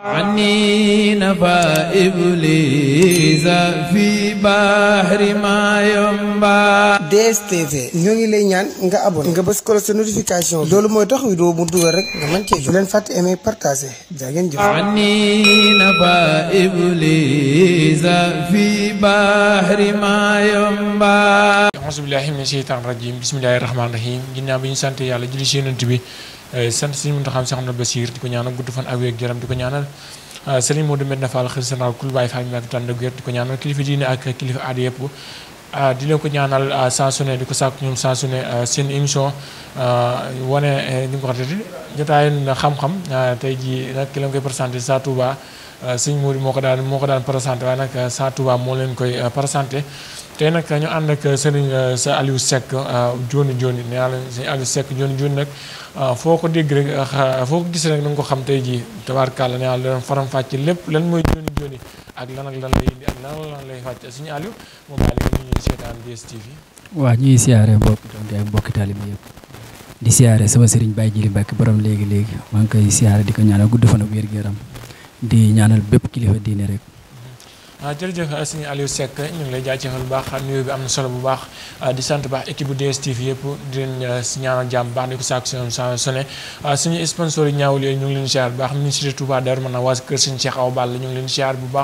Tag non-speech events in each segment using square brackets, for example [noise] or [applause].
عني نفى إبليس في بحر ما ينبع DSTV ñoo ngi lay ñaan nga abonné nga bës ko sa notification loolu mooy tax vidéo mu dugal rek nga mën cee jox leen fàtte aimer partager jaa ngeen عني نفى إبليس في بحر ما ينبع أعوذ بالله من الشيطان الرجيم بسم الله الرحمن الرحيم bi ñu julli ci yonent Eh, sant Serigne Mountakha Cheikh Ahmadou Bassir di ko ñaanal gudd fan ak wér gu di ko ñaanal ah, Serigne Modou Medina Fall xëy na kul bàyyi Fall mi ak tànn ak di ko ñaanal kilifa diine ak kilifa aada yëpp ah, ah, di ko ñaanal saa su di ko sàkk ñoom saa su ne seen émission wane ñu eh, ko waxee jotaayoon na xam-xam tey jii nag ki leen koy présenté saa Touba Serigne Modou moo ko daan moo ko daan présenté waaye nag saa Touba moo leen koy présenté. tey nag ñu ànd ak eh, Serigne eh, sa Aliou Seck Dioni eh, Dioni nee naa la sa Aliou Seck Dioni Dioni nag foo ko dégg rek foo ko gis rek na nga ko xam tey jii tabaarkàlla nee naa la doon faram fàcc lépp lan mooy Dioni Dioni ak lan ak lan lay indi ak lan lan lay fàcce suñu Aliou moom daal di ñu ñuy seetaan DSTV. waaw ñuy siyaare mbokki donte ak mbokki taalibe yëpp di siyaare sama Serigne Baye Jili bàkki borom léegi léegi maa ngi koy siyaare di ko ñaanal gudd fan ak wér di ñaanal bépp kilifa diine rek. waaw ah, jërëjëf euh, sëñ Aliou Seck ñu ngi lay jaajëfal bu baax nuyu bi am na solo bu baax euh, di sant bu baax équipe bu DSTV yëpp di euh, si ñaanal jàmm baax di ko sàkku si ñoom saa ah, suñu sponsor yi ñaawul ñu ngi leen siyaar bu bu baax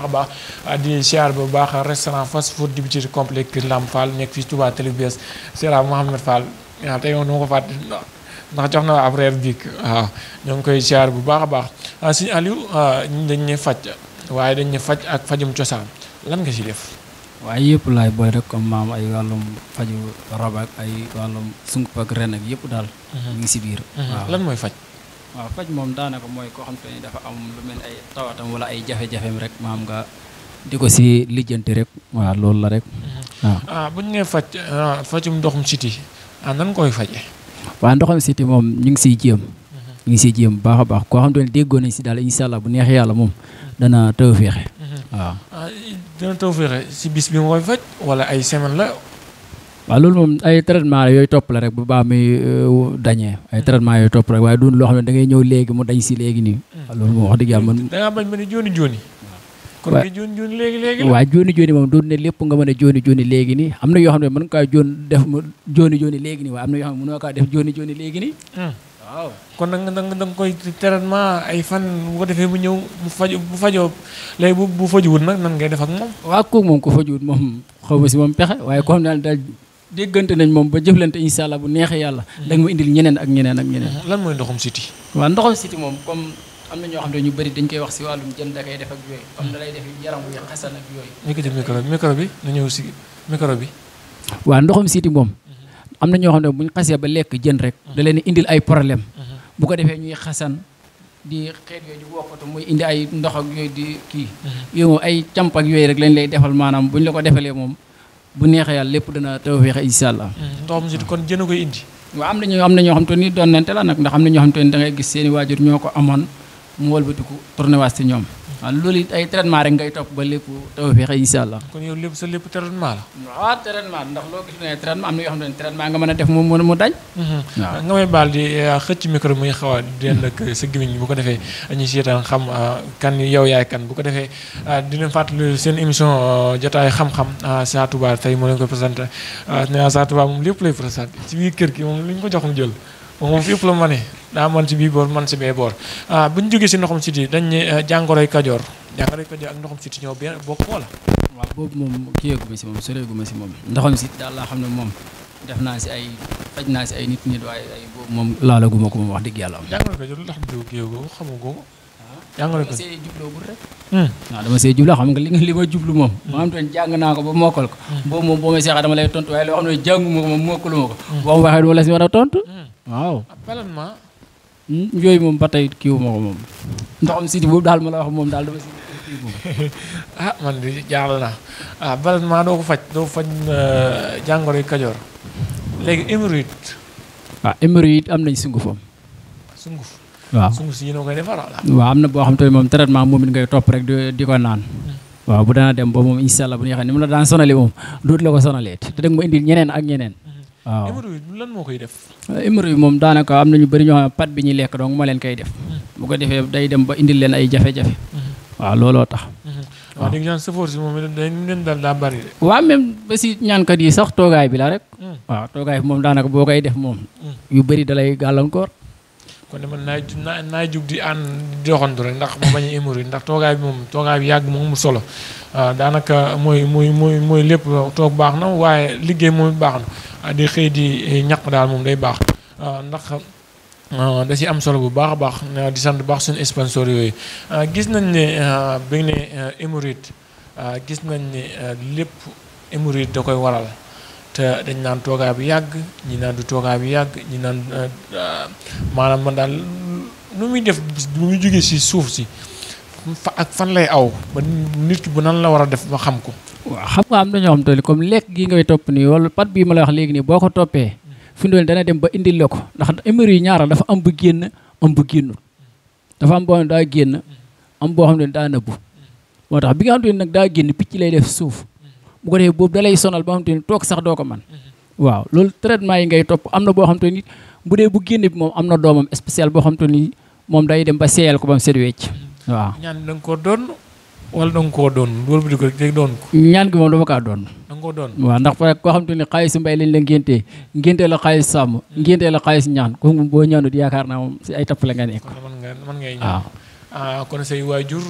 a baax ah, di siyaar bu baax restaurant fast food di bitir complexe Kër Lam Fall nekk fii Touba Télé Bies Sera Mohamed Fall waaw tey moom du ma ko fàtte ndax jox na ab reer biig waaw ñoo ngi koy siyaar bu baax a baax waaye dañ ne faj ak fajum cosaan lan nga ci def waaye yëpp laay boy rek comme maam ay wàllum faju rab ak ay wàllum sunguf ak ren ak yëpp daal mhm. ñu ngi ci biir mhm. waaw lan mooy faj waaw faj moom daanaka mooy ay tawatam wala ay jafe di ko ci lijjanti rek waaw loolu la rek mhm. waaw ah bu ñu nee faj ah, fajum ndoxum siti ah nan koy faje waaw ndoxum siti moom ñu ngi ciy jéem ñu ngi siy jéem bu baax a baax koo xam te ne déggoo nañ si daal incha allah bu neexee yàlla moom dana taw féexe mm-hmm. waaw ah, dana taw féexe si bis bi mu koy faj wala ay semaine la waaw loolu moom ay traitement la yooyu topp la rek bu baax mi euh, dañee ay mm-hmm. traitement yooyu topp rek waaye du loo xam ne da ngay ñëw léegi mu dañ si léegi nii mm-hmm. loolu moom wax dëgg yàlla man da ngaa bañ ma ne jooni jooni moom du ne lépp nga mën a jooni jooni léegi nii am na yoo xam ne mën nga kaa joon def jooni jooni léegi nii waaye waaw kon nag da nga koy traitement ay fan bu ko defee bu ñëw bu faju bu fajoo léegi bu bu fajuwut nag nan ngay def ak moom. waaw kook moom ko fajuwut moom xaw ma si moom pexe waaye ko xam daal daal déggante nañ moom ba jëflante incha allah bu neexee yàlla. Hmm. da nga ma indil ñeneen ak ñeneen ak ñeneen. lan mooy ndoxum siti. waaw ndoxum siti moom comme am na ñoo xam ne ñu bëri dañ koy wax si wàllum jën da kay def ak yooyu. am na lay def yaramu xasan ak yooyu. ñu ngi jël micro bi micro bi na ñëw si micro bi. waaw ndoxum siti moom am na ñoo xam ne bu ñu xasee ba lekk jën rek. da leen indil ay problème uh-huh. bu ko defee ñuy xasan di muy indi ay ndox ak kii. Uh-huh. yooyu ay camp yooyu rek lañ lay defal maanaam bu ñu la ko defalee moom bu neexee yàlla lépp dana tawféex incha allah. toom uh-huh. si kon jën a koy indi. waaw na ñoo am na ñoo xam te ni doon nante la nag ndax am na ñoo xam te ni da ngay gis seen i waajur ñoo ko amoon mu wëlbatiku tourné waas ci ñoom waaw ah, loolu it ay traitement rek ngay topp ba lépp taw fexe incha allah. kon yow lépp sa lépp traitement la. waaw traitement ndax loo gis ne traitement am na yoo xam ne traitement nga mën a def mu mu dañ. Mhm. waaw nga may baal eh, xëcc micro muy xaw a dend ak sa gémmiñ bu ko defee ñu seetaan xam ah, kan yow yaay kan bu ko defee ah, di leen fàttali seen émission jotaay xam-xam Sa Touba tey moo leen ko présenté nee naa Sa Touba moom lépp lay présenté ci biir kër gi moom li ñu ko jox mu moom fi yëpp la mane daa man si bii boor man si bee boor ah bu ñu jógee si ndoxam siti dañ ne eh, jàngoroy kajoor jàngoroy kajoor ak ndoxam siti ñoo benn bokk wala waaw boobu moom kiyeegu ma laa xam ne moom def naa si ay faj naa si ay nit nit waaye ay boobu moom laalaguma ko moom wax dëgg yàlla am jàngoroy kajoor lu tax diw kiyeegu xamu ko ah, jàngoroy kajoor dama see jubloogul rek hmm. waaw dama see jubloo xam nga hmm. jàng naa ko ba mokkal ko hmm. boobu moom boo may seexaa dama lay tontu waaye loo xam ne jànguma ko moom mokkaluma ko boo ma waxee doo la si war a tontu waaw pelan ma hmm, yooyu moom ba tey kiiwu ma ko moom ndoxam siti boobu daal ma la wax moom daal dama si [laughs] ah man di jaaxal naa ah balan ma doo ko faj doo faj euh, jàngoro yi kajoor léegi hémorroïde ah hémorroïde am nañ sungufam sunguf waaw sunguf si yéen a koy defar waaw am na boo xam te moom traitement moom ngay topp rek di ko naan hmm. waaw bu dana dem ba moom incha allah bu ñu xam ne mu la daan sonali moom dootu la ko sonalee te dag ma indil ñeneen ak ñeneen waaw hémorroïde bi lan moo koy def. hémorroïde bi moom daanaka am na ñu bëri ñoo xam ne pat bi ñuy lekk donc moo leen koy def. Hmm. bu ko defee day dem ba indil leen ay jafe-jafe. Hmm. waaw looloo tax. Hmm. waaw léegi ñaan sëfoor si moom leen daal de. waaw même ba si ñaankat yi sax toogaay bi la rek. waaw toogaay bi moom daanaka boo koy def moom. yu bëri dalay gàllankoor. kon ne man naay naa naay jug di ànd di doxantu rek ndax ma bañ a émor ndax toogaay bi moom toogaay bi yàgg moom amul solo ah, daanaka mooy mooy mooy mooy lépp toog baax na waaye liggéey moom baax na ah, di xëy di eh, ñaq daal moom day baax ah, ndax da ci am solo bu baax a baax di sant baax suñu sponsor yooyu gis nañ ne bi ne hémorroïde gis nañ ne lépp hémorroïde da koy waral te dañ naan toogaay bu yàgg ñi naan du toogaay bu yàgg ñi naan euh, euh, maanaam man daal nu muy def bu muy jógee si suuf si fa ak fan lay aw ba nit ki bu nan la war a def ba xam ko. waaw xam nga am na ñoo xam te comme lekk gi ngay topp nii wala pat bii ma la wax léegi nii boo ko toppee fi mu dana dem ba indil la ko ndax émeri yi ñaaral dafa am bu génn am bu génnul dafa am boo xam ne daa génn am boo xam ne daa nëbbu moo tax bi nga xam te ne nag daa génn picc lay def suuf. bu ko defee boobu dalay sonal ba xam te ni toog sax doo ko man mhm. waaw loolu traitement yi ngay topp am na boo xam ni bu dee bu génne bi moom am na doomam spécial boo xam te ni moom day dem ba seeyal ko ba mu set wecc mhm. waaw ñaan da nga koo doon wala da nga koo doon loolu bu di ko rek doon ko ñaan gi moom dama kaa doon da nga koo doon waaw ndax fa koo xam ni xaalis mbay lañ la ngéntee ngéntee la xaalis sàmm mhm. ngéntee la xaalis ñaan ko boo ñaanut yaakaar naa moom si ay tappale nga nekk waaw ah, kon say waajur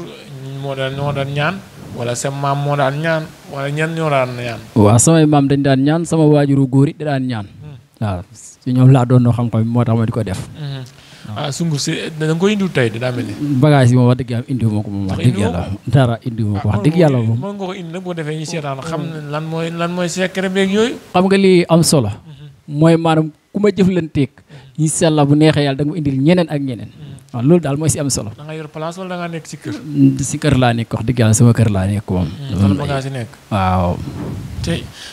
moo daan moo daan ñaan wala sa maam moo daan ñaan wala ñan ñoo daan ñaan. waaw samay maam dañ daan ñaan sama waajuru góor da daan ñaan. Hmm. waaw si ñoom laa doon xam-xam moo tax ma di ko def. Hmm. ah sunguf si da nga koy indiw tey da daa mel ni. bagage yi moom wax dëgg yàlla indiwuma ko moom wax ah, dëgg yàlla dara indiwuma ko wax dëgg yàlla moom. mën nga ko indi nag bu defee ñu seetaan xam lan lan mooy secret beeg yooyu. xam nga lii am solo. Hmm. mooy maanaam ku ma jëflanteeg incha bu neexee yàlla da nga ma indil ñeneen ak ñeneen. Mm. waaw loolu daal mooy si am solo. da nga yor place wala da nga nekk si kër. Mm, si kër laa nekk wax dëgg yàlla sama kër laa nekk moom. Mm, waaw.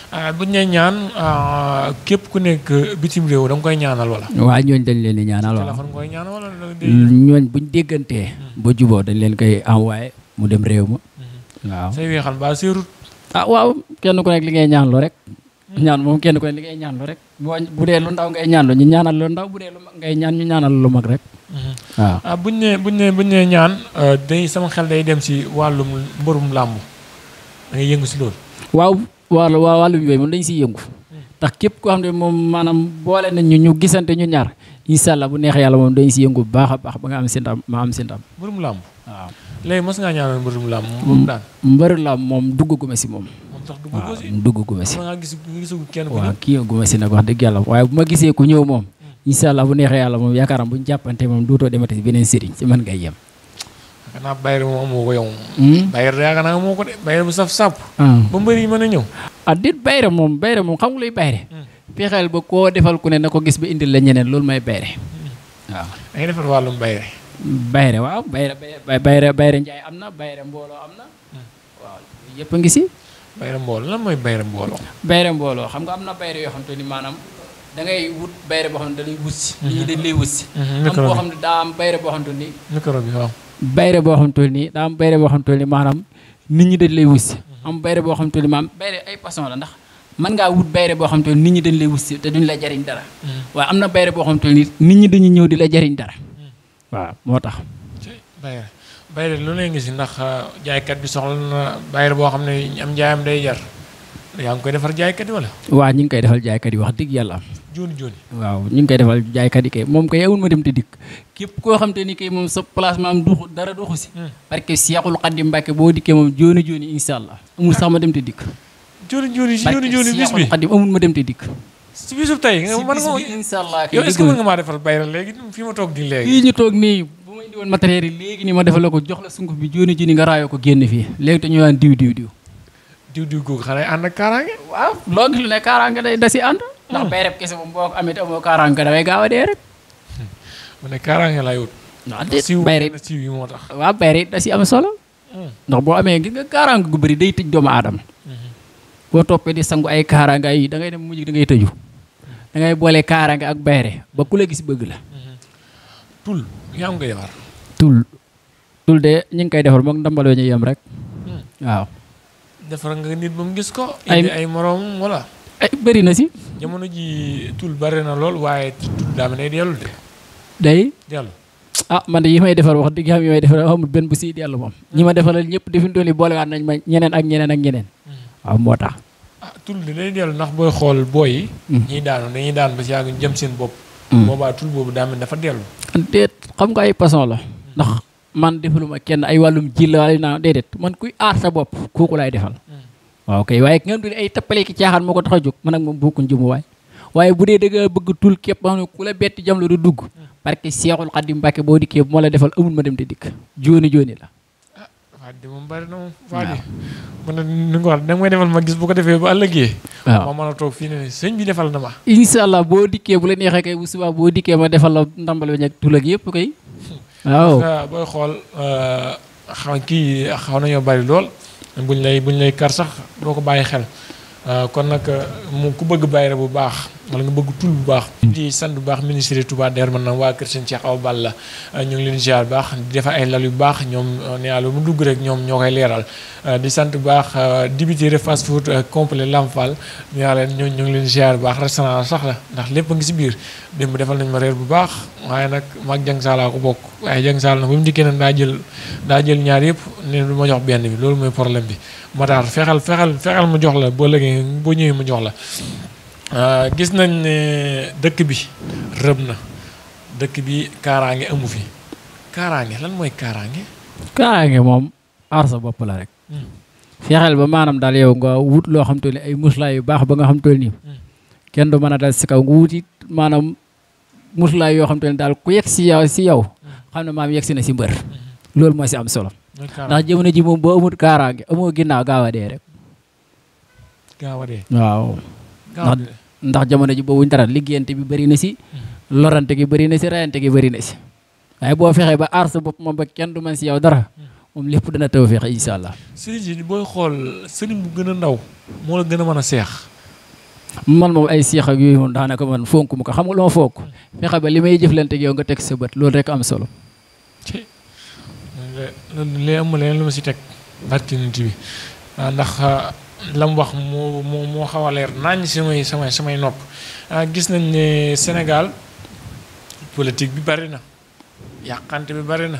Ah, bu ñu ñaan ah, képp ku nekk bitim réew da nga koy ñaanal wala. waaw ñooñ dañ leen di ñaanal wala. ñooñ buñ déggantee. ba juboo dañ leen koy envoyé mu dem réew ma. Mm-hmm. waaw say weexal mbaa seerut. ah waaw kenn ku nekk li ngay ñaanloo rek. ñaan moom kenn ko ne li ngay ñaan lu rek bu dee lu ndaw ngay ñaan lo ñi ñaanal lo ndaw bu dee lu mag ngay ñaan ñu ñaanal lu mag rek ah buñ ne buñ ne buñ ne ñaan day sama xel day dem ci walum mbërum lamb da ngay yëngu ci lool waaw walu waa wàllum yooyu moom dañ ci yëngu tax képp ko xam mom manam boole nañ ñu ñu gisante ñu ñaar inshallah bu neex yalla mom dañ ci yëngu bu baax baax ba nga am sindam ma am sindam ndam lamb waaw lay mos nga ñaanal mbërum lamb mom daan mbërum làmb moom duggaguma ci mom ndax dugg ah, si dugguma si nga gis gisagu kenn hmm. ko waaw kii guma si allah bu neexee yàlla moom yaakaaram buñ jàppante moom dootoo demati si beneen sëriñ si man ngay yem kana bayre mo moo hmm? ko yow bayre yaa kana moo ko saf sap ba mbëri mën a ñëw ah dit bayre moom bayre moom xam nga luy bayre fexeel hmm. ba koo defal ku ne na ko gis ba indil la ñeneen loolu may bayre waaw da ngay defal wàllum bayre bayre waaw bayre si bayra mbooloo lan mooy bayra mbooloo. bayra mbooloo xam nga am na bayra yoo xam te ni maanaam da ngay wut bayra boo xam ne dañuy wut si. Mhm. nit ñi dañ lay wut si. Mhm, am boo xam ne daa am bayra boo xam te ni. micro bi waaw. bayra boo xam te ni daa am bayra boo mhm. ay façon la ndax mën ngaa wut bayre boo xam te nit ñi dañ lay wut si te duñ la jariñ dara. waaw am na bayre boo xam te nit ñi dañuy ñëw di la jariñ dara. waaw moo tax. bayre lu ne ngisi ndax uh, jaay kat bi soxla na bayre boo xam ne am njaayam day jar yaa ngi koy defal jaay kat wala. wa ñing koy defal jaay kat wax deug yalla juuni juuni. waaw ñing koy defal jaay kat ke mom kay yewul ma dem te dik kep ko xam ni ke mom sa place ma am duxu dara duxu xusi parce hmm. que Seexul Xaadim Mbàkke boo dikkee moom joni jooni incha allah amul sax ma dem te dik joni joni joni joni bis bi Seexul Xaadim amul ma dem te dik ci bisub tay nga mën nga. si bis yow est-ce que mo nga ma defal bayra léegi fi ma tok di léegi. fii ñu tok ni won matériel yi ni ma defal ko jox la sunguf bi jooni jooni nga rayo ko genn fi léegi te ñu yaan diw diw diw. diw diw gu xanaa and ak waaw log lu ne karange day dasi si ànd. ndax bay rek kese moom boo ko karange da way gawa dafay gaaw rek. mu ne karange laay wut. waaw déet bay rek ci yi motax wa waaw dasi am solo. Hmm. ndax bo amé gi nga karange gu bari day tëj doomu adam hmm. bo topé di sangu ay karange ay da ngay dem mujj da ngay teju da ngay bolé karange ak bayre ba kula gis bëgg la. Hmm. tul yang nga yar tul tul de ñing kay defal mok ndambal ñu yam iya rek ya. waaw defal nga nit bam gis ko ay ay morom wala ay eh, bari na ci jamono ya ji tul bari na lol waye tul da ma mané delu de day delu ah man yi may defal wax deug xam yi may defal amul ben bu ci delu mom ñima ma hmm. ñepp defi ndoli bolé wat nañ ma ñeneen ak ñeneen ak ñeneen hmm. waaw motax ah, tul de lay delu nak boy xol boy hmm. ñi daanu dañuy daan ba ci yag jëm seen bop boba tul bobu da dafa delu det xam nga ay passion la ndax man defuluma kenn ay walum jill wala na dedet man kuy ar sa bop koku lay defal hmm. waaw kay waye ngeen du ay tapale ki caaxaan moko taxaju man ak mom njumu way waye budé tul kep man jam la du dugg parce que qadim xaddim bo boo dikkee bu la defal amul ma dem te dik joni joni la ah, di mo bari no moom man ni nga wax da may defal ma gis bu ko defé bu ëllëgee waaw ma mën a toog bi defal na ma incha allah boo bu la nexé kay bu suba bo dikke ma defal ndambal wi ak tul ak kay [laughs] waaw booy xool euh, xam kii xaw nañoo bari lool buñ lay buñ lay kar sax doo ko bàyyi xel. Euh, kon nak mu ku bëgg bayra bu baax wala nga bëgg tul bu baax di sant bu baax ministre yi Touba der man na wa kër seen Cheikh Awa Balla euh, ñu ngi leen ziar baax di defar ay lal yu baax ñom euh, nee mu dugg rek ñom ñokay leral di sant bu baax de fast food complet lamfal ñaa ñu ñu ngi leen ziar baax restaurant sax la ndax lepp nga ci biir dem defal nañ ma reer bu baax waye nak mag jang sala ko bok waye jang sala nag bu mu dikene da jël da jël ñaar yëpp ne du ma jox benn bi loolu moy problème bi Matar fexeel fexeel fexeel mu jox la boo léegi boo ñëwee mu jox la euh, gis nañ ne dëkk bi rëb na dëkk bi kaaraange amu fi kaaraange lan mooy kaaraange. kaaraange moom aar sa bopp la rek. Hmm. fexeel ba maanaam daal yow nga wut loo xam te ne ay muslaay yu baax ba nga xam te ne nii. kenn du mën a dal si kaw nga wuti maanaam muslaay yoo xam te ne daal ku yegg si yow si hmm. xam ne maam yegg si na si mbër. Hmm. loolu moo si am solo. ndax jamono ji moom boo amul kaaraange amoo ginnaaw gaaw a dee rek. gaaw waaw. ndax ndax jamono ji boobu ñu dara liggéeyante bi bëri na si. Mhm. lorante gi bëri na si rayante gi bëri na si. waaye boo fexee ba aar sa bopp moom ba kenn du man si yow dara. Mhm. moom lépp dana taw fexe incha allah. sëriñ ji booy xool sëriñ bu gën a ndaw. moo la gën a mën a seex. man moom ay seex yooyu moom daanaka man fonk mu ko xam nga lu ma fonk. Mhm. fexe ba li may jëflante ak yow nga teg sa bët loolu rek am solo. lee amul leneen lu ma si teg barki nit bi ah, ndax ah, lam wax moo moo moo xaw a leer naañ samay samay samay nopp ah, gis nañ ne Sénégal politique bi bari na yàqante bi bari na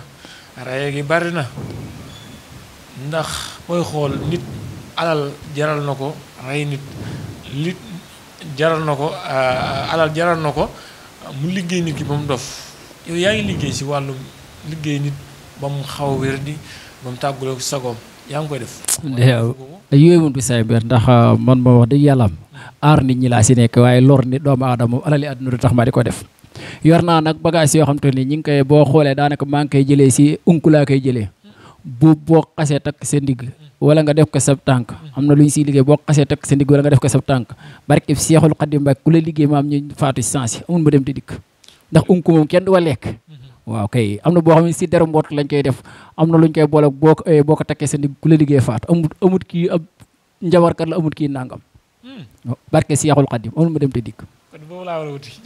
raye gi bari na ndax booy xool nit alal jaral na ko rey nit li jaral na ko alal jaral na ko mu liggéey nit ki ba mu dof yow yaa ngi liggéey si wàllu liggéey nit bam xaw di bam mu tàgguloo yang yaa koy def yooyu moom di ber ndax ah, man ma wax de yàlla ar nit ñi la ci nek waye lor nit doom adamu alali àdduna tax ma diko def yorna nak bagage yo xamanteni ñi ngi koy bo jele ci si kay jele bu bo xasse tak se ndig wala nga def ko sab tank amna na ci ñu bo xasse tak se ndig wala nga def ko sab tank barke cheikhul qadim Mbàkke kula mam ñu si amun yi dem di dik ndax unku mom kenn du wa lek waaw kay am na boo xam ne si deru mboot lañ koy def am na luñ koy boole boo ko eh, boo ko takkee sa ndig ku la liggéey faatu amut amut kii njabarkat la amut kii nangam. Hmm. Oh, barke Seexul Xadim amul ma dem te dikk.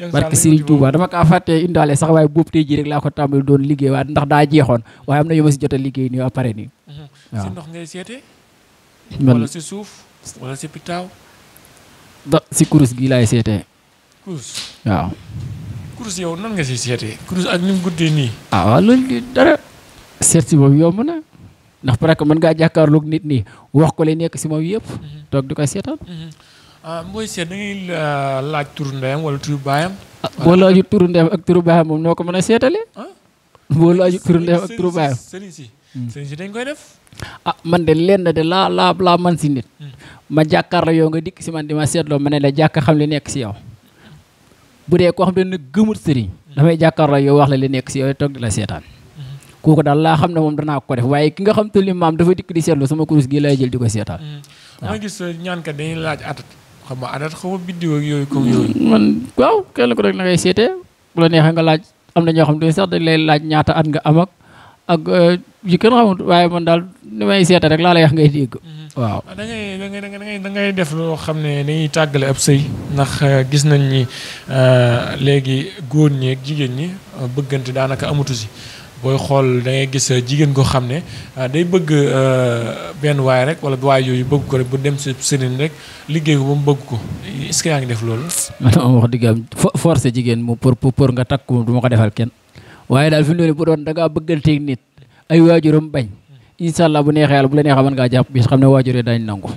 barke Sëriñ Tuuba dama kaa fàttee indaale sax waaye boobu tey jii rek laa ko tàmbali doon liggéey waat ndax daa jeexoon waaye am na yu ma si jot a liggéey nii pare nii. Hmm. waaw si ndox ngay seete. wala si suuf si pitaaw. da si kurus gi laay seetee. kurus waaw. kursi yow nan nga ci sété kursi ak nim mu ni ah waaw loolu dara sété si boobu na ndax parce man nga jakkar lu nah? Nah, nit ni wax ko lay nek ci mom yépp tok du ko sétal ah moy sét eh, da ngay laaj tour ndem wala tour bayam bo laaj tour ndem ak tour bayam mom noko ko sétalé a seetalee. boo laaju ak tour bayam sëriñ ci sëriñ ci dañ koy def. ah man de len de la la la man ci nit. Hmm. ma jakkar yo nga dik si man di ma sétlo ma la jakk xam li nek ci yow. bu dee koo xam ne gëmut sëriñ dafay jàkkaarloo yow wax la li nekk si yow toog di la seetaan kooku daal laa xam ne moom danaa ko def waaye ki nga xam te li maam dafa dikk di seetlu sama kurus gi lay jël di ko seetaan mm. ma gis uh, ñaankat dañuy laaj atat xam nga adat xaw ma yooyu comme yooyu mm, man waaw kenn ku rek la ngay seetee neexee nga laaj am na ñoo xam ne sax dañ lay laaj ñaata at nga am ak yu kenn xamut waaye man daal li may seeta rek laa lay wax ngay dégg. waaw da ngay da ngay da ngay def loo xam ne dañuy tàggale ab sëy ndax gis nañ ni léegi góor ñi ak jigéen ñi bëggante daanaka amatu si. Boy, xool da ngay gis jigéen koo xam ne day bëgg benn waay rek wala waay yooyu bëgg ko rek bu dem si sëriñ rek liggéey ko ba mu bëgg ko est-ce que yaa ngi def loolu. man wax dëgg am forcé jigéen pour pour nga takk du ko defal kenn waye dal fi ñu ne bu doon da bëggal tek nit ay wajurum bañ inshallah allah bu neexé yalla bu la neexee mën ngaa jàpp bis xam wajuré dañ nangu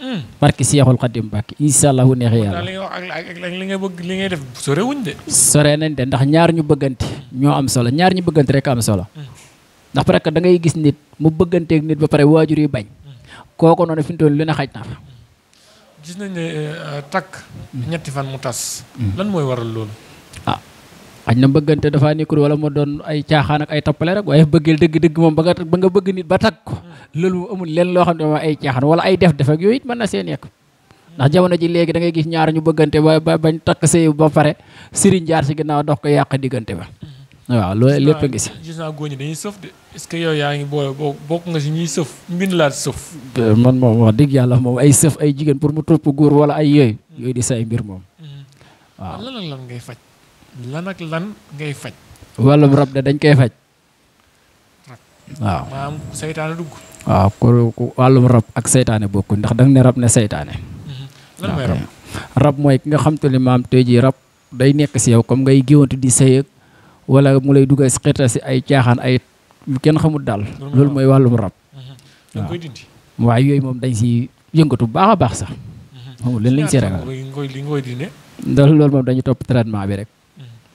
hmm. barki Seexul qadim Mbàkke inshallah allah bu neexee yàlla li nga wax ak li nga bëgg li ngay def sore wuñ de sore nañ de ndax ñaar ñu bëggante ño am solo ñaar ñu bëggante rek am solo hmm. ndax parce da ngay gis nit mu ak nit ba paré wajuré bañ hmm. koko noonu fi mu toll na gis nañ ne euh, tak ñetti fan mu tass lan moy waral loolu xagn na mbëggante dafa nekkul wala mo doon ay tiaxaan ak ay toppale rek waye bëggel dëgg-dëgg moom ba nga ba nga bëgg nit ba tag ko hmm. loolu amul leen loo xam ne ay tiaxaan wala ay def def ak yooyu it mën na see nekk ndax jamono ji léegi da ngay gis ñaar ñu bëggante ba ba bañ takk sëy ba pare sirin jaar si ginnaaw dox ko yàq diggante ba hmm. waaw loolu lépp ngi gis naa góor ñi dañuy sëf de est ce que yow yaa ngi boole bokk nga si ñuy sëf mbind laat sëf man moom wax dëgg yàlla moom ay sëf ay jigéen pour mu topp góor wala ay yooyu yooyu di say mbir moom hmm. waaw lan lan ngay faj lan ak lan ngay faj. wàllum rab de dañ koy faj. waaw maanaam seytaane dugg. waaw ku wàllum rab ak seytaane bokkuñ ndax danga ne rab ne seytaane. Mm-hmm. rab mooy ki nga xam te ne maam tey jii rab day nekk si yow comme ngay géwantu di sëy wala mu lay dugg si xeetal si ay caaxaan ay kenn xamul daal. loolu mooy wàllum rab. Mm-hmm. waaw yooyu moom dañ si yëngatu baax a baax sax. Mm-hmm. xamul leen lañ si loolu moom dañu topp traitement bi rek.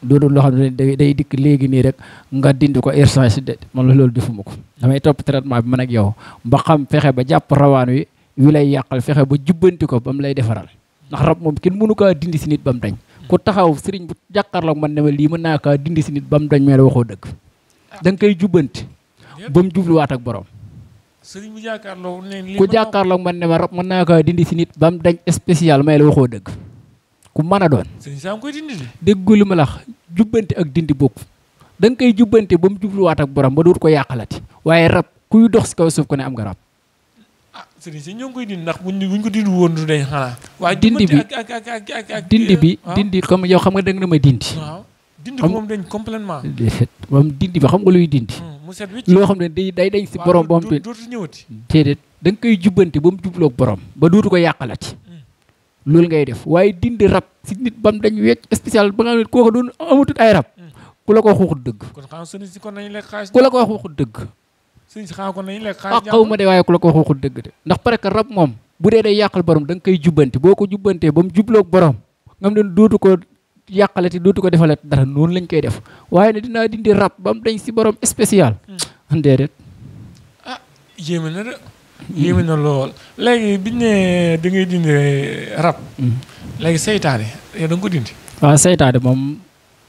du doon loo xam ne day dikk léegi nii rek nga dindi ko irsan si de man loolu defuma ko damay topp traitement bi man ak yow ba xam fexe ba jàpp rawaan wi wi lay yàqal fexe ba jubbanti ko ba mu lay defaral ndax rab moom kenn mënu kaa dindi si nit ba mu dañ ku taxaw sëriñ bu man ne ma lii mën naa kaa dindi si nit ba mu dañ mais waxoo dëgg ah. da nga koy jubbanti ba mu jubluwaat ak borom sëriñ bu jàkkaarloog ne ku jàkkaarloog man ne ma mën naa kaa dindi si nit ba mu dañ spécial may la waxoo dëgg ku mën a doon. sëñ saa koy dindi ma la wax jubbante ak dindi bokk da koy jubbante ba mu jubluwaat ak borom ba dootu ko yàqalati waaye rab kuy dox si kaw ko ne am nga rab. ah sëñ si koy dindi ndax buñ buñ ko dindi woon du dee xanaa. waaye dindi bi ak ak ak ak ak dindi bi dindi xam nga danga na ma dindi. waaw dindi ko moom dañ complètement. moom dindi bi xam nga luy dindi. Hmm, mu loo xam ne day day dañ si borom. waaw dootu dootu ñëwati. déedéet koy jubbante ba mu jubloo ak ba dootu ko yàqalati hmm. loolu ngay def waaye dindi rab si nit bam dañ wecc spécial ba nga xam ne kooku doon amatul ay rab hmm. ku la ko wax waxut dëgg. ku la ko wax waxut dëgg. sëriñ si xanaa kon nañu lekk xaalis. Ah, xaw ma de waaye ku la ko wax waxut dëgg de. ndax parce que rab moom bu dee day yàqal borom da koy jubbanti boo ko jubbantee ba mu jubloog borom nga xam ne dootu ko yàqalati dootu ko defalat dara noonu lañ koy def waaye ne dinaa dindi rab bam dañ si borom spécial. Hmm. déedéet. ah yéeme na de. yéeme na lool léegi biñ ne da dindi rab. Mm-hmm. léegi seytaane yow da nga ko waaw seytaane moom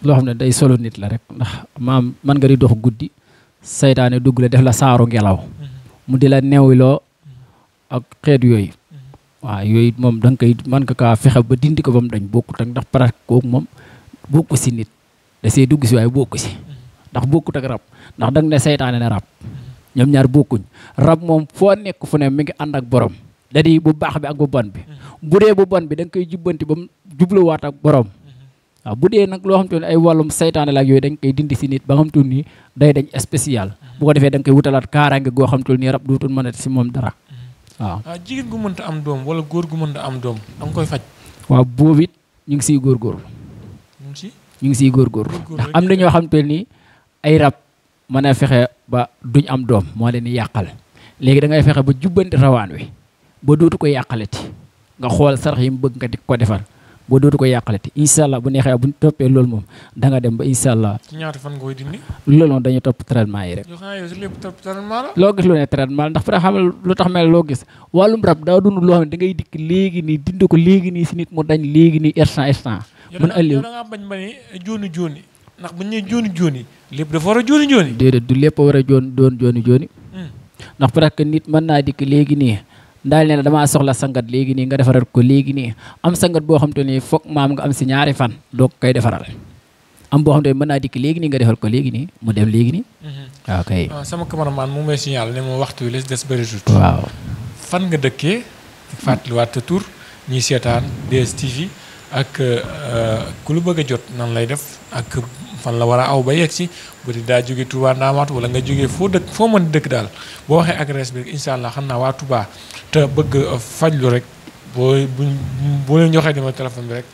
loo xam ne day solo nit la rek ndax maam mën nga di dox guddi seytaane dugg la def la saaru ngelaw. Mm-hmm. mu di la newiloo mm-hmm. ak xeet yooyu. waa yooyu moom da koy man nga kaa fexe ba dindi ko ba mu dañ bokkut ak ndax pratique kooku moom bokku si nit da dugg si waaye bokku si ndax bokkut ak rab ndax da nga ne seytaane ne rab. ñom ñaar bokkuñ rab mom fo nek fu ne mi ngi and ak borom dadi bu baax bi ak bu bon bi mm-hmm. bu dee bu bon bi dang koy jubanti bam jublu wat ak borom mm-hmm. waaw bu dee nag loo xam ay walum setan la ak yooyu koy dindi ci nit ba ni day dañ spécial mm-hmm. bu ko defé dang koy wutalat kaaraange go xam te ni rab dootul mën ci mom dara wa ah, jigen gu mënta am dom wala gor gu mënta am dom dang koy faj. wa bobit ñu ngi gor gor ñu ngi ci ñu ngi ci gor gor am na ño xam ni ay rab mané fexé ba duñ am dom mo leen yakal yàqal da ngay fexé ba jubbanti rawan wi ba dootu ko yakalati nga xol sarax yi mu bëgg nga ko defal ba dootu ko yakalati inshallah bu nexé bu topé toppee mom da nga dem ba inshallah ci ñaata fan ngoy dindi. loolu non dañu top traitement yi rek. yoo xam ne lepp top traitement la. loo gis lu ne traitement ndax fa xamal lu tax mel lo gis walum rab da dund lo xam da ngay dik léegi ni dindi ko léegi ni si nit mu dañ léegi ni instant instant. mën alew da nga bañ ba ni jooni Nak bu ñu joni joni lepp dafa war a joni joni déedéet du lepp wara joni don joni joni hmm. nak ndax parce que nit man na dik ni ne dama soxla sangat léegi ni nga defaral ko léegi ni am sangat bo xamanteni fok maam nga am si ñaari fan do koy defaral am bo xamanteni man ni dik naa ni nga defal ko léegi ni mu dem léegi ni sama cameraman mu may signal ne mo waxtu wi les des bëri jout waaw fan nga dëkkee. fàttaliwaat tur ñi seetaan DSTV ak eh, ku lu bëgg jot nan lay def ak fan la wara aw ba yegg si bu dee daa jóge Touba ndaamaat wala nga jóge foo dëkk foo mën dëkk daal boo waxee adresse bi inshallah xamna wa naa waa Touba te bëgg fajlu rek bo buñ boo leen joxee numéro bi rek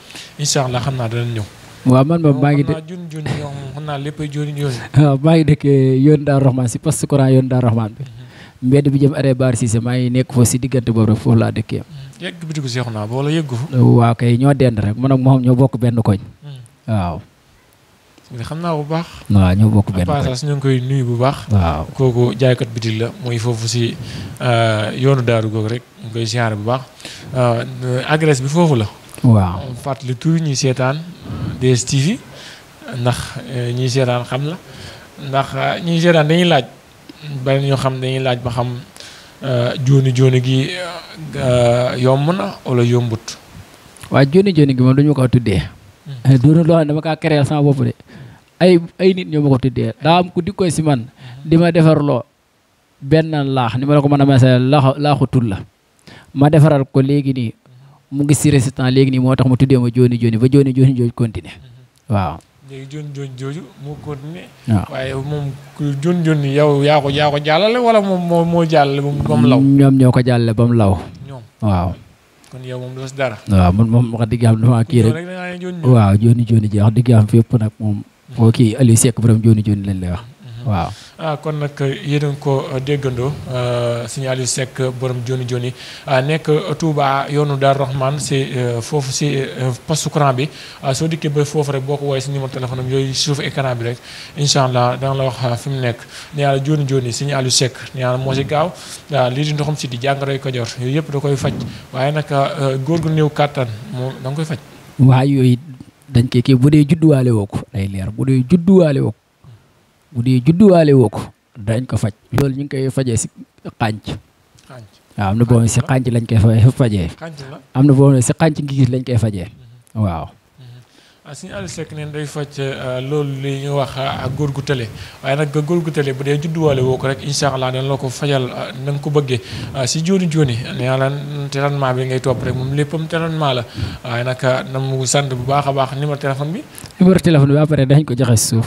inshallah xamna da naa danañ ñëw. man ba baangi de jun jun ñom xamna naa léppay joni wa baangi de ke yoon da Rahman si poste quran yoon da Rahman bi mhm. mbedd bi jëm arrêt Bar ci maa may nekk fo ci diggante bo rek fo la dëkkee mhm. yegg bi bitigu Seexuna bo la yegg fu wa kay ñoo dend rek man ak mom ñoo bokk ben koñ mhm. waaw xam naa bu baax. waaw ñoo bokk benn passage ñu ngi koy nuyu bu baax. waaw kooku jaaykat bitig la mooy foofu si euh, yoonu daaru goog rek ñu koy siyaare bu baax euh, adresse bi foofu la. waaw fàttali tur ñuy seetaan euh, DSTV ndax ñiy seetaan xam la ndax ñuy seetaan dañuy laaj bari ñoo xam dañuy laaj ba xam jooni jooni gi yomb na wala yombut. waaw jooni jooni gi moom dañu ko tuddee. Hmm. doon loo dama kaa créer sama bopp de. ay ay nit ñoo ma tuddé da am ku dikkoy si man di ma ben benn laax ni ma la ko mën a masal laaxu tul la ma défaral ko légui ni mu ngi ci résistant légui ni moo tax mu tuddé ma joni joni ba joni joni joni continuer waaw léegi joni joni joju mo continué waaye moom joni joni yow ya ko ya ko jallale wala mom mo mo jallale mom bam law ñom ñoo ko jàllale law ñom waaw kon yow mom doo dara waaw mom mom wax dëgg yàlla damaa kii rek waaw joni joni ji wax dëgg yàlla fépp moo kii Aliou Seck borom jooni jooni lañ lay wax mhm. waaw. Ah, kon nag yéen ko euh, déggandoo euh, sëñ Aliou Seck borom joni joni ah, nekk euh, tuubaa yoonu Dar Rahman si foofu si poste courant bi ah, soo dikkee ba foofu rek boo ko woowee si numéro téléphone yooyu suuf écran bi rek incha allah danga la wax fi mu nekk nee naa la joni joni sëñ Aliou Seck nee moo si gaaw lii di ndoxam si di jàngoroy Kajoor yooyu yëpp da koy faj waaye nag góor gu néew kàttan dañ koy kii bu dee judduwaale woo ko day leer bu dee judduwaale woo bu dee judduwaale woo ko dañ ko faj loolu ñu ngi koy faje si xànc waaw am na boo xam ne si xànc lañ koy fajee am na boo xam ne si xànc ngi gis lañ koy faje mhm. waaw suñu àll sekk neen day faj euh, loolu li ñu wax euh, ak góor gu tële waaye nag góor gu tële bu dee judduwaale woo ko rek incha allah dana ko fajal euh, na ko bëggee ah, si jooni jooni nee la traitement bi ngay topp rek moom léppam traitement la waaye nag na mu sant bu baax a baax numéro téléphone bi. bi ba pare dañ ko joxe suuf.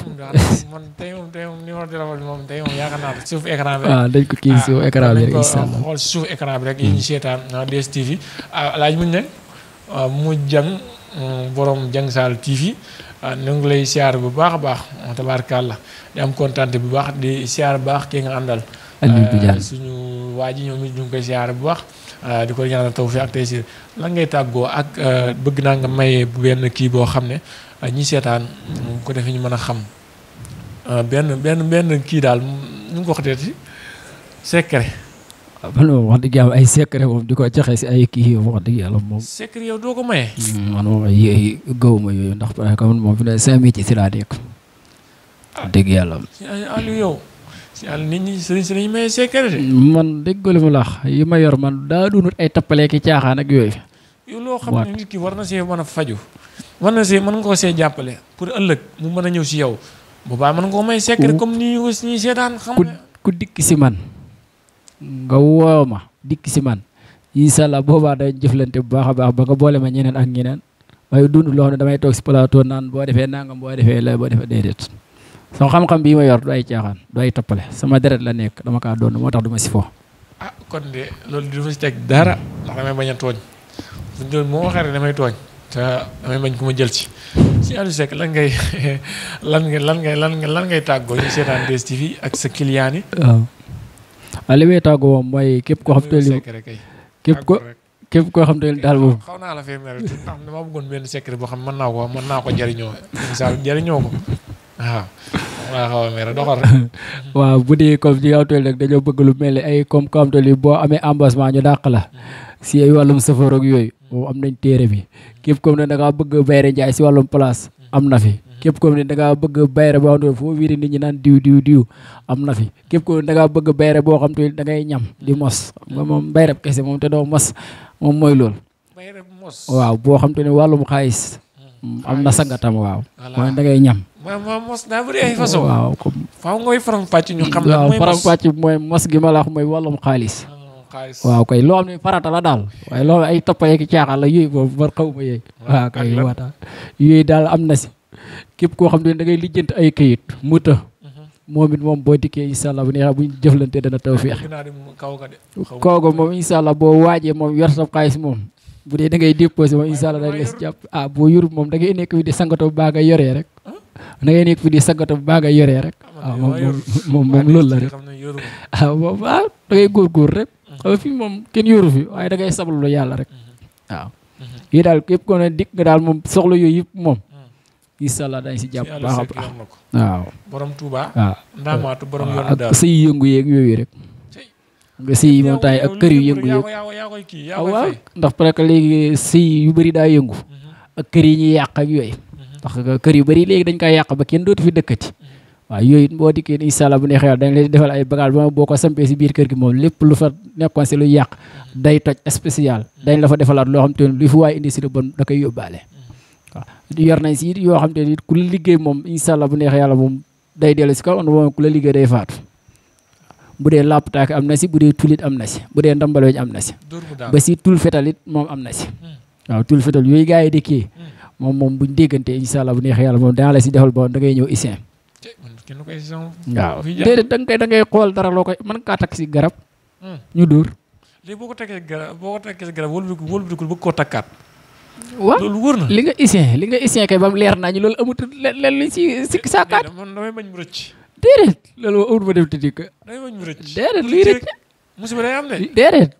man tey moom tey moom numéro téléphone bi moom tey moom yaakaar naa ko suuf écran bi. waaw dañ kii suuf écran bi rek ah, ah, incha allah xool suuf écran bi yi ñu seetaan DSTV laaj mu ne mu jàng. Euh, borom Dieng Saala TV ñu euh, ngi lay siyaar bu baax a baax tabaarkàlla di am kontaante bu baax di siyaar baax ki nga àndal. Euh, suñu waa ji ñoom it ñu ngi koy siyaar bu baax. di ko ñaanal tawfiq ak taysir lan ngay tàggoo ak bëgg naa nga maye bu benn kii boo xam ne ñi seetaan mu ko defee ñu mën a xam benn benn benn kii daal nu mu ko waxatee ci wax yàlla ay secret moom di ko joxe si ay kii wax dëgg yàlla moom. secret yow doo ko maye. man moom ay gaw ma yooyu ndax parce que moom fi ne cinq mille ci si laa nekk. dëgg yàlla. si Aliou yow. si Aliou nit ñi sëriñ si lañ maye secret man dégg li mu la yi ma yor man daa doonut ay tappaleeki caaxaan ak yooyu. yow loo xam ne nit ki war na see mën a faju. war na see ko se jàppale pour ëllëg mu mën a ñëw yow. bu ko may secret comme ni ñu ko xam ku man nga woo dik ci man incha allah boba day jëflante bu baaxa baax ba nga boole ma ñeneen ak ñeneen may dund lo xam damay tok ci plateau naan bo defé nangam bo defé la bo defé dedet sama xam-xam bi ma yor doy tiaxan doy du sama deret la nekk dama ka doon motax duma ah kon de lolou du fa ci tek dara ndax damay baña togn bu buñ doon moo waxee damay togn ta damay bañ kuma jël ci si alu sek lan ngay [laughs] lan ngay lan ngay lan ngay ci ñu des tv ak sa client ni ah. li may tàggu moom mooy képp koo xam te ni képp koo xam te ni daal boobu. xaw naa la fee mel am na ma bëggoon benn secret boo xam ne mën naa ko mën naa ko jëriñoo misaal jëriñoo ko waaw. [laughs] waaw bu dee comme ci kaw tool rek dañoo bëgg lu mel ni ay comme kaw tool yi boo amee embassement ñu dàq la si ay wàllum safaroog yooyu moom am nañ téere bi képp comme ne da ngaa bëgg Bayre Ndiaye si wàllum place am na fi képp ko ne da bëgg bayre boo xam te foo wiiri nit ñi naan diw diw diw am na fi képp ko ne da ngaa bëgg bayre boo xam te dangay ngay ñam di mos moom bayre kese moom te doo mos moom mooy loolu waaw boo xam te ne wàllum xaalis am na sangatam waaw mooy da ñam ay façon waaw comme faaw ngay faram pàcc ñu xam la mooy mos waaw faram mooy mos gi ma mooy wàllum xaalis xaalis waaw kay loo xam ne farata la daal waaye loolu ay toppa yeeg caaxaan la yooyu boobu bar xaw ma yooyu waaw kay waata yooyu daal am na si képp koo xam ne da ngay lijjanti ay kayit mu të mhm. moom it moom boo dikkee incha allah bu neexee bu ñu jëflante dana taw feex mom. moom incha allah boo waajee moom yor sa xaalis moom bu dee da ngay déposé moom incha ah boo yurub moom da ngay di sangatoo baa nga yoree rek da ngay fi di sangatoo baa nga yoree rek ah, ah, waaw moom moom la rek ah moom ah da ngay rek xam fii moom kenn yóoru fi waaye da ngay sabal lu yàlla rek waaw yi daal képp ko ne dikk nga daal moom soxla yooyu yëpp moom incha allah dañ si jàpp baax a baax waaw borom Touba waaw ndaamaatu yu yëngu yeeg ah, waaw waaw ndax parce que léegi sëy yu bëri daa yëngu mm-hmm. ak kër yi ñuy yàq yooyu mm-hmm. ndax kër yu bëri léegi dañ koy yàq ba kenn dootu fi dëkkati waaye yooyu bo boo dikkee ni incha bu neexee dañ lay defal ay bagage ba boo ko sampee si biir kër gi moom lépp lu fa nekkoon si lu yàq day toj spécial dañ la fa defalaat loo xam te ne lu fi waaye indi si lu bon da koy yóbbaale waaw yor nañ si it yoo xam te ne ku la liggéey moom incha bu neexee yàlla moom day dellu si kaw on moom ku la liggéey day faatu bu dee lapptaak am na si bu dee tulit am na si bu dee ndambalooñ am na si ba si tul fetal it moom am na si waaw tul fetal yooyu gars yi dikkee moom moom buñ déggante incha bu neexee yàlla moom dana la si defal boo da ngay ñëw isin kenn koy da nga koy da ngay xool dara loo koy mën kaa takk hmm. boo ko takkee garab boo ko takkee garab wëlbatiku wëlbatiku bëgg koo takkaat. waaw loolu wóor na li nga issin li nga issin ba mu leer naa ñu loolu amut leen li si si saakaat. man damay bañ mu rëcc. déedéet loolu amut ma def te dikk. damay bañ mu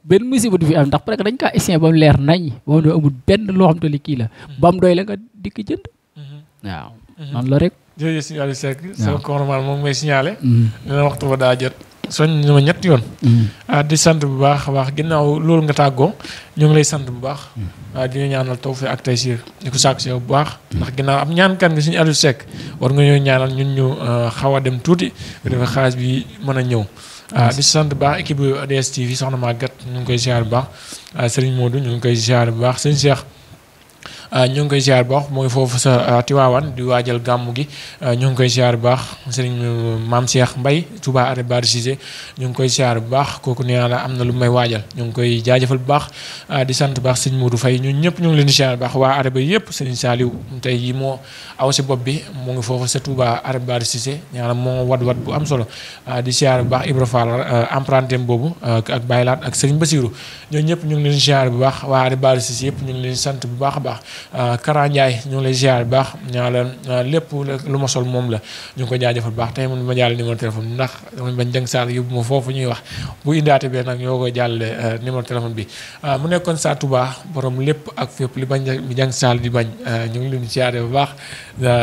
benn musiba fi am ndax parce dañ kaa issin ba mu leer nañ ba mu amul benn loo xam te kii la. Hmm. ba mu doy la nga dikk jënd. Hmm. waaw. noonu la rek. jërëjëf sëñ Aliou Seck sama cameraman moom mooy signalé mm. dina waxtu ba daa jot soñ ma ñetti yoon mm. ah di sant bu baax a baax ginnaaw loolu nga tàggoo ñoo ngi lay sant bu baax waaw mm. ah, di ñaanal tawfiq ak taysiir di ko sàkk bu baax ndax ginnaaw am ñaan kan nga sëñ Aliou Seck war nga ñoo ñaanal ñun ñu ah, xaw a dem tuuti dafa xaalis bi mën a ñëw ah di sant bu baax équipe ADS TV soxna Maguette ñu ngi koy ziar bu baax ah, Serigne Modou ñu ngi koy ziar bu baax sëñ Cheikh Euh, ñu ngi koy ziar bu mu ngi sa euh, tiwawan di wajal gamu gi euh, ñu ngi koy ziar baax serigne mam Cheikh Mbay Touba are Bar Cissé ñu ngi koy ziar bu baax koku neena amna lu may wajal ñu ngi koy jaajeufal bu baax di bu baax serigne Modou fay ñun ñep ñu ngi leen di ziar baax waa Arrêt ba yëpp sëriñ Saliou tey yi mo aw ci bop bi mo ngi fofu sa Touba are Bar Cissé ñaanam moo wad bu am solo di ziar bu baax Ibra Fall emprunté bobu ak baylat ak serigne Basirou ñooñu ñep ñu ngi leen ziar bu baax wa Arrêt Bar Cissé ñu ngi leen sante bu baax baax Euh, Kara Ndiaye ñu ngi lay ziar bu baax ñaa leen lépp lu ma sol moom la ñu ngi ko jaajëfal bu baax tey mun ma jàll numéro téléphone ndax damañ bañ jëng saal yóbbu ma foofu ñuy wax bu indaate bee nag ñoo koy jàllale euh, numéro téléphone bi euh, mu nekkoon Sa Touba borom lépp ak fépp li bañ jang saal di bañ ñu ngi leen ziare bu baax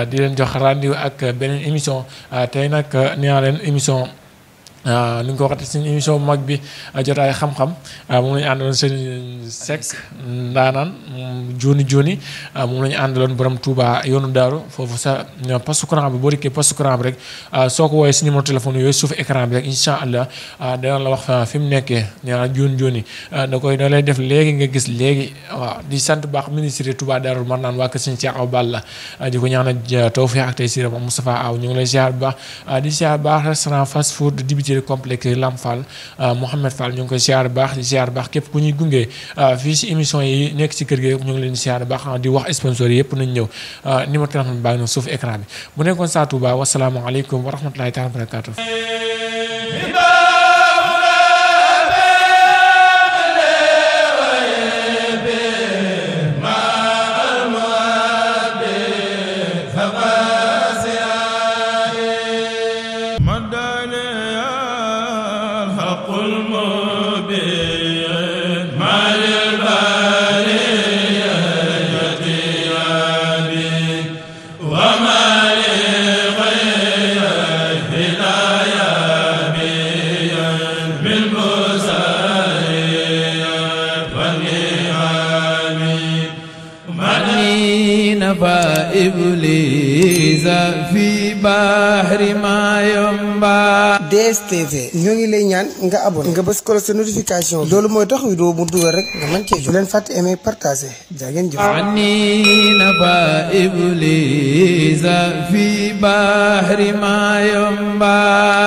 di leen jox rendez ak beneen émission tey nag nee leen émission Euh, li nga ko waxati suñu émission bu mag bi jotaay xam-xam euh, moom la ñu àndaloon Serigne Seck ndaanaan jooni jooni euh, moom la borom Touba yoonu daaru foofu sa poste courant bi boo dikkee poste courant bi rek soo ko wooyee si numéro téléphone yooyu suuf écran bi rek incha allah dana la wax fi mu nekkee ñaa jooni jooni da koy da lay def léegi nga gis léegi waaw di sant baax ministre Touba Daarul Marnaan waa kër Serigne Cheikh Aw Balla di ko ñaanal tawfiq ak tey sirama Moustapha Aw ñu ngi lay ziar bu baax di ziar baax restaurant fast food culture complexe Lam Fall euh, Mouhamed Fall ñu ngi koy ziar baax di ziar baax képp ku ñuy gunge euh, fii si émission yi nekk si kër gi ñu ngi leen ziar baax ah, di wax sponsor yëpp nañ ñëw euh, numéro téléphone baa ngi noonu suuf écran bi bu nekkoon saa Touba wasalaamaaleykum wa rahmatulahi taala wa barakatuh DSTV ñoo ngi lay ñaan nga abonné nga bës ko sa notification loolu mooy tax vidéo mu dugal rek nga mën cee jot leen fàtte aimer partager jaa ngeen jëf ani naba iblisa fi bahri ma yomba